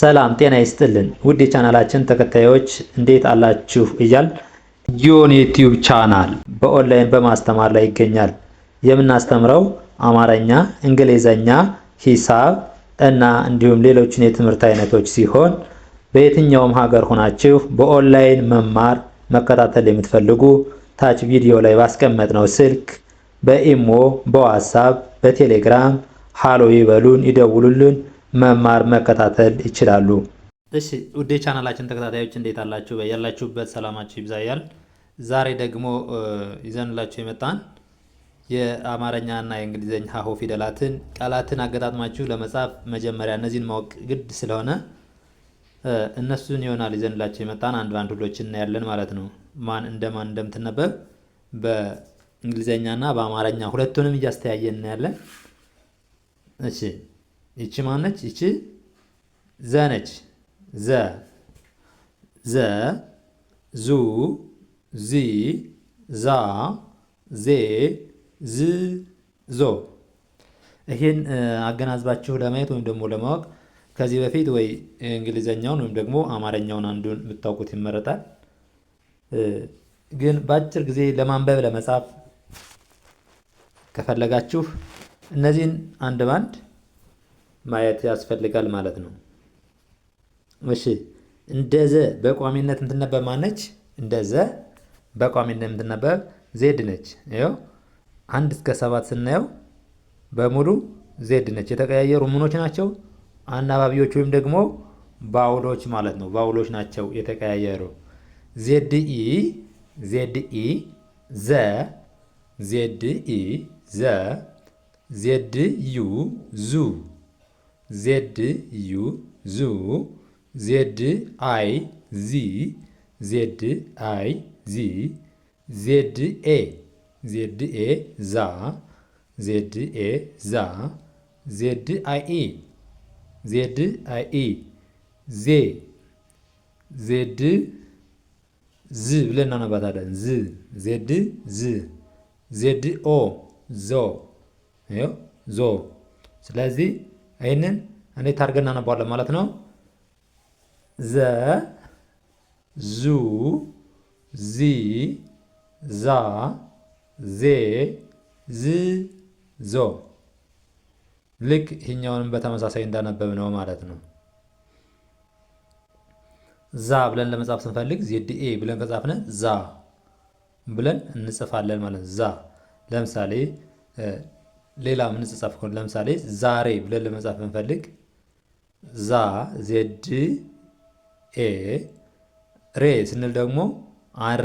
ሰላም ጤና ይስጥልን ውድ የቻናላችን ተከታዮች እንዴት አላችሁ? እያል ጊዮን ዩቲዩብ ቻናል በኦንላይን በማስተማር ላይ ይገኛል። የምናስተምረው አማርኛ፣ እንግሊዘኛ፣ ሂሳብ እና እንዲሁም ሌሎችን የትምህርት አይነቶች ሲሆን በየትኛውም ሀገር ሆናችሁ በኦንላይን መማር መከታተል የምትፈልጉ ታች ቪዲዮ ላይ ባስቀመጥነው ስልክ በኢሞ፣ በዋትሳፕ፣ በቴሌግራም ሃሎ ይበሉን፣ ይደውሉልን መማር መከታተል ይችላሉ። እሺ ውዴ ቻናላችን ተከታታዮች እንዴት አላችሁ? በያላችሁበት ሰላማችሁ ይብዛያል። ዛሬ ደግሞ ይዘንላችሁ የመጣን የአማርኛ እና የእንግሊዝኛ ሀሆ ፊደላትን ቃላትን አገጣጥማችሁ ለመጻፍ መጀመሪያ እነዚህን ማወቅ ግድ ስለሆነ እነሱን ይሆናል ይዘንላችሁ የመጣን አንድ አንድ ሁሎችን እናያለን ማለት ነው። ማን እንደማን እንደምትነበብ በእንግሊዝኛና በአማርኛ ሁለቱንም እያስተያየን እናያለን። እሺ ይቺ ማነች? ይቺ ዘ ነች። ዘ ዘ ዙ ዚ ዛ ዜ ዝ ዞ። ይህን አገናዝባችሁ ለማየት ወይም ደግሞ ለማወቅ ከዚህ በፊት ወይ እንግሊዘኛውን ወይም ደግሞ አማርኛውን አንዱን የምታውቁት ይመረጣል። ግን በአጭር ጊዜ ለማንበብ ለመጻፍ ከፈለጋችሁ እነዚህን አንድ ባንድ ማየት ያስፈልጋል ማለት ነው። እሺ እንደ ዘ በቋሚነት የምትነበብ ማነች? እንደ ዘ በቋሚነት የምትነበብ ዜድ ነች። ይኸው አንድ እስከ ሰባት ስናየው በሙሉ ዜድ ነች። የተቀያየሩ ምኖች ናቸው አናባቢዎች ወይም ደግሞ ባውሎች ማለት ነው። ባውሎች ናቸው የተቀያየሩ። ዜድ ኢ ዜድ ኢ ዘ ዜድ ኢ ዘ ዜድ ዩ ዙ ዜድ ዩ ዙ ዜድ አይ ዚ ዜድ አይ ዚ ዜድ ኤ ዜድ ኤ ዛ ዜድ ኤ ዛ ዜድ አይ ኢ ዜድ አይ ኢ ዜ ዜድ ዝ ብለን እናነባታለን። ዝ ዜድ ዝ ዜድ ኦ ዞ ዞ ስለዚህ ይህንን እንዴት አድርገን እናነባዋለን ማለት ነው። ዘ ዙ ዚ ዛ ዜ ዝ ዞ ልክ ይህኛውንም በተመሳሳይ እንዳነበብ ነው ማለት ነው። ዛ ብለን ለመጻፍ ስንፈልግ ዜድኤ ብለን ከጻፍነ ዛ ብለን እንጽፋለን ማለት ነው። ዛ ለምሳሌ ሌላ ምንጽጻፍ ከሆነ ለምሳሌ ዛሬ ብለን ለመጻፍ ብንፈልግ ዛ ዜድ ኤ ሬ ስንል ደግሞ አር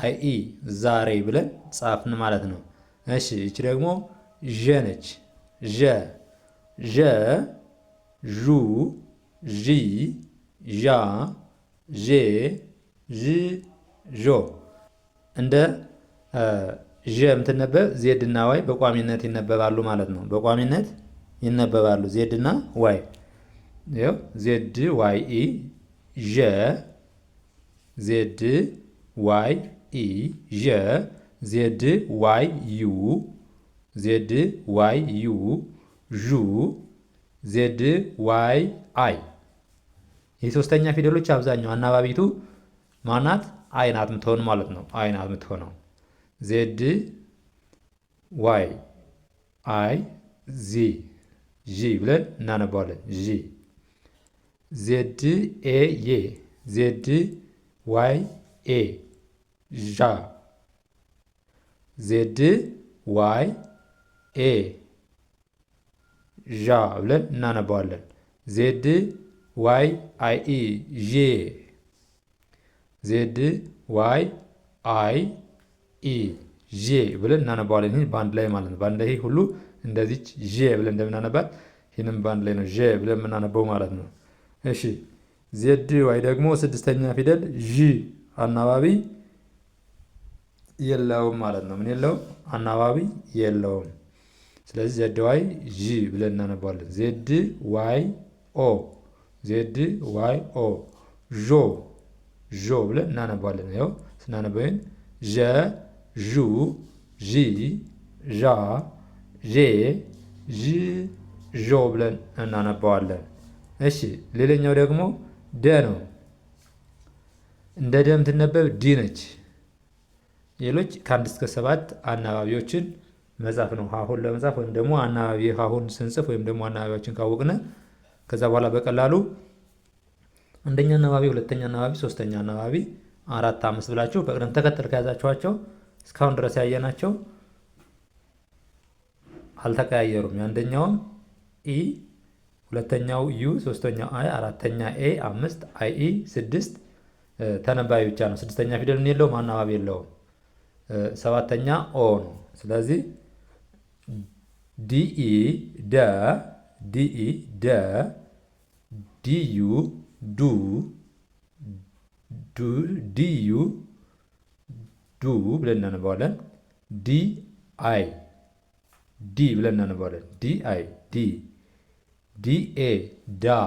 አይ ኢ ዛሬ ብለን ጻፍን ማለት ነው። እሺ ይቺ ደግሞ ዠ ነች። ዠ ዠ ዡ ዢ ዣ ዤ ዥ ዦ እንደ ዥ የምትነበብ ዜድ ዋይ በቋሚነት ይነበባሉ ማለት ነው። በቋሚነት ይነበባሉ ዜድ ዋይ ዜድ ዋይ ኢ ዠ ዜድ ዋይ ኢ ዠ ዜድ ዋይ ዩ ዜድ ዋይ ዩ ዡ ዜድ ዋይ አይ ይህ ሶስተኛ ፊደሎች አብዛኛው አናባቢቱ ማናት? አይናት ምትሆን ማለት ነው። አይናት ምትሆነው የምትሆነው ዜድ ዋይ አይ ዚ ዢ ብለን እናነባዋለን። ዢ ዜድ ኤ ዬ ዜድ ዋይ ኤ ዣ ዜድ ዋይ ኤ ዣ ብለን እናነባዋለን። ዜድ ዋይ አይ ኢ ዤ ዜድ ዋይ አይ ኢ ዤ ብለን እናነባዋለን። ይህ በአንድ ላይ ማለት ነው። በአንድ ላይ ሁሉ እንደዚች ዤ ብለን እንደምናነባት ይህንም በአንድ ላይ ነው ዤ ብለን የምናነበው ማለት ነው። እሺ ዜድ ዋይ ደግሞ ስድስተኛ ፊደል ዢ አናባቢ የለውም ማለት ነው። ምን የለውም? አናባቢ የለውም። ስለዚህ ዜድ ዋይ ዢ ብለን እናነባዋለን። ዜድ ዋይ ኦ ዜድ ዋይ ኦ ዦ ዦ ብለን እናነባዋለን። ይኸው ስናነበይን ዡ ዢ ዣ ዤ ዥ ዦ ብለን እናነባዋለን። እሺ ሌላኛው ደግሞ ደ ነው። እንደ ደ የምትነበብ ዲ ነች። ሌሎች ከአንድ እስከ ሰባት አናባቢዎችን መጻፍ ነው። ሀሁን ለመጻፍ ወይም ደግሞ አናባቢ ሀሁን ስንጽፍ ወይም ደግሞ አናባቢዎችን ካወቅነ ከዛ በኋላ በቀላሉ አንደኛ አናባቢ፣ ሁለተኛ አናባቢ፣ ሶስተኛ አናባቢ፣ አራት፣ አምስት ብላችሁ በቅደም ተከተል ከያዛችኋቸው እስካሁን ድረስ ያየናቸው አልተቀያየሩም። አንደኛውም ኢ፣ ሁለተኛው ዩ፣ ሶስተኛው አይ፣ አራተኛ ኤ፣ አምስት አይ ኢ፣ ስድስት ተነባቢ ብቻ ነው። ስድስተኛ ፊደል የለውም፣ አናባቢ የለውም። ሰባተኛ ኦ ነው። ስለዚህ ዲኢ ደ ዲኢ ደ ዲዩ ዱ ዲዩ ዱ ብለን እናነባዋለን። ዲ አይ ዲ ብለን እናነባዋለን። ዲ አይ ዲ ዲ ኤ ዳ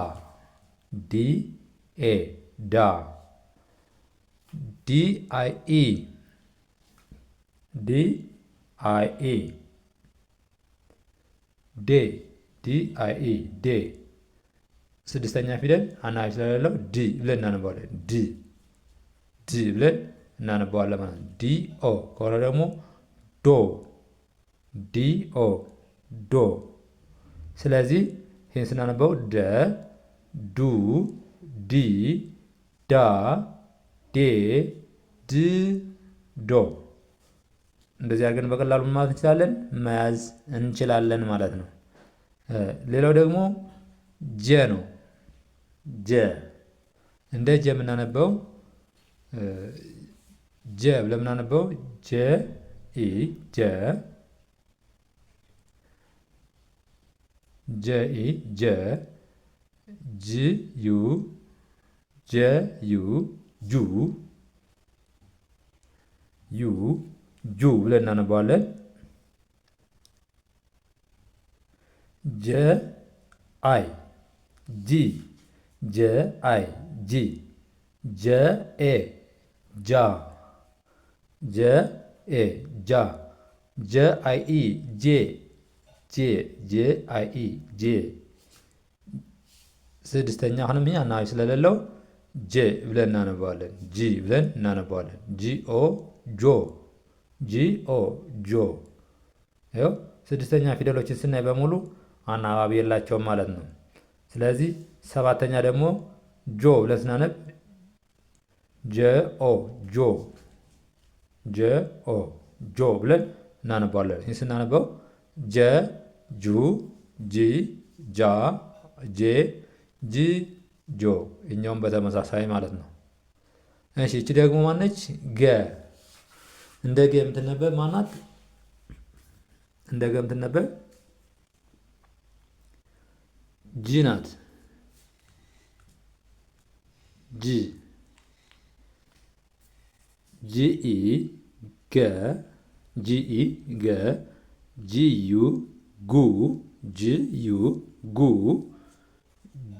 ዲ ኤ ዳ ዲ አይ ኢ ዲ አይ ኢ ዴ ዲ አይ ኢ ዴ ስድስተኛ ፊደል አናባቢ ስለሌለው ዲ ብለን እናነባዋለን። ዲ ዲ ብለን እናነበዋለን ማለት ነው። ዲኦ ከሆነ ደግሞ ዶ ዲኦ ዶ። ስለዚህ ይህን ስናነበው ደ ዱ ዲ ዳ ዴ ድ ዶ እንደዚህ አድርገን በቀላሉ ማለት እንችላለን መያዝ እንችላለን ማለት ነው። ሌላው ደግሞ ጀ ነው። ጀ እንደ ጀ የምናነበው ጀ ብለን የምናነበው ጀ ኢ ጀ ጀ ኢ ጀ ጅ ዩ ጀ ዩ ጁ ዩ ጁ ብለን እናነባዋለን። ጀ አይ ጂ ጀ አይ ጂ ጀ ኤ ጃ ጀ ኤ ጃ ጀ አይ ኢ ጄ ጄ ጄ አይ ኢ ጄ። ስድስተኛ አሁንም ይህ አናባቢ ስለሌለው ጄ ብለን እናነባዋለን። ጂ ብለን እናነባዋለን። ጂ ኦ ጆ ጂ ኦ ጆ። ይኸው ስድስተኛ ፊደሎችን ስናይ በሙሉ አናባቢ የላቸውም ማለት ነው። ስለዚህ ሰባተኛ ደግሞ ጆ ብለን ስናነብ ጀ ኦ ጆ ኦ ጆ ብለን እናነባዋለን። ይህን ስናነበው ጀ ጁ ጂ ጃ ጄ ጂ ጆ እኛውም በተመሳሳይ ማለት ነው። እሺ እቺ ደግሞ ማነች? ገ እንደ ገ የምትነበብ ማናት? እንደ ገ የምትነበብ ጂ ናት። ጂ ጂኢ ገ ጂኢ ገ ጂዩ ጉ ጂዩ ጉ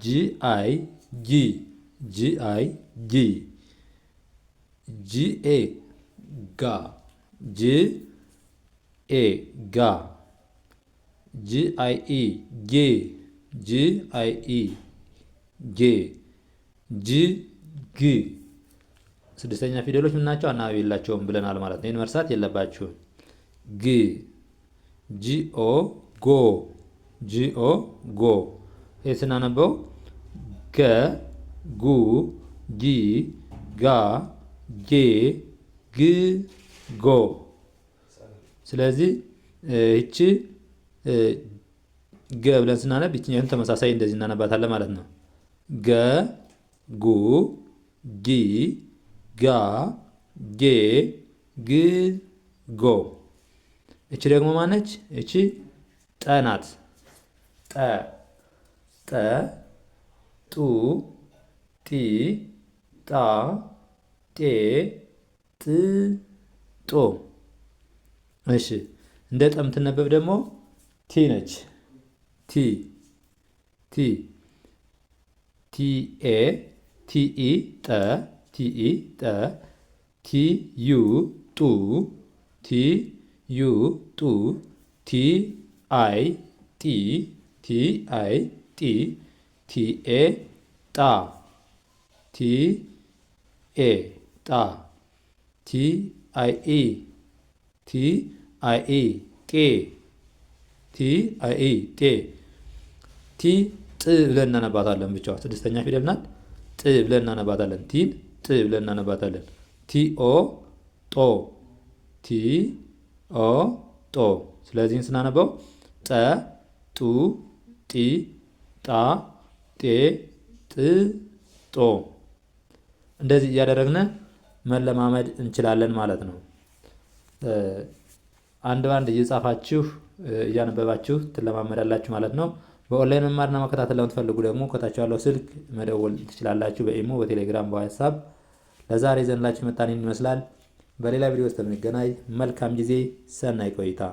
ጂአይ ጊ ጂአይ ጊ ጂኤ ጋ ጂኤ ጋ ጂአይኢ ጌ ጂአይኢ ጌ ጂግ ስድስተኛ ፊደሎች ምን ናቸው? አናባቢ የላቸውም ብለናል ማለት ነው። ይህን መርሳት የለባችሁም። ግ ጂኦ ጎ ጂኦ ጎ ይህ ስናነበው ገ ጉ ጊ ጋ ጌ ግ ጎ። ስለዚህ ይቺ ገ ብለን ስናነብ ይችኛቱን ተመሳሳይ እንደዚህ እናነባታለን ማለት ነው። ገ ጉ ጊ ጋ ጌ ግ ጎ። እቺ ደግሞ ማነች? እቺ ጠ ናት። ጠ ጠ ጡ ጢ ጣ ጤ ጥ ጦ። እሺ እንደ ጠ ምትነበብ ደግሞ ቲ ነች። ቲ ቲ ቲ ኤ ቲ ኢ ጠ ቲኢ ጠ ቲ ዩ ጡ ቲ ዩ ጡ ቲ አይ ጢ ቲ አይ ጢ ቲ ኤ ጣ ቲ ኤ ጣ ቲ አይ ኤ ቲ አይ ኤ ጤ ቲ አይ ኤ ጤ ቲ ጥ ብለን እናነባታለን። ብቻዋ ስድስተኛ ፊደል ናት። ጥ ብለን እናነባታለን ቲን ጥ ብለን እናነባታለን። ቲኦ ጦ ቲ ኦ ጦ። ስለዚህን ስናነበው ጠ ጡ ጢ ጣ ጤ ጥ ጦ። እንደዚህ እያደረግን መለማመድ እንችላለን ማለት ነው። አንድ ባንድ እየጻፋችሁ እያነበባችሁ ትለማመዳላችሁ ማለት ነው። በኦንላይን መማርና መከታተል ለምትፈልጉ ደግሞ ከታች ያለው ስልክ መደወል ትችላላችሁ። በኢሞ፣ በቴሌግራም፣ በዋትሳፕ። ለዛሬ ዘንላችሁ መጣን ይመስላል። በሌላ ቪዲዮ ውስጥ የምንገናኝ መልካም ጊዜ፣ ሰናይ ቆይታ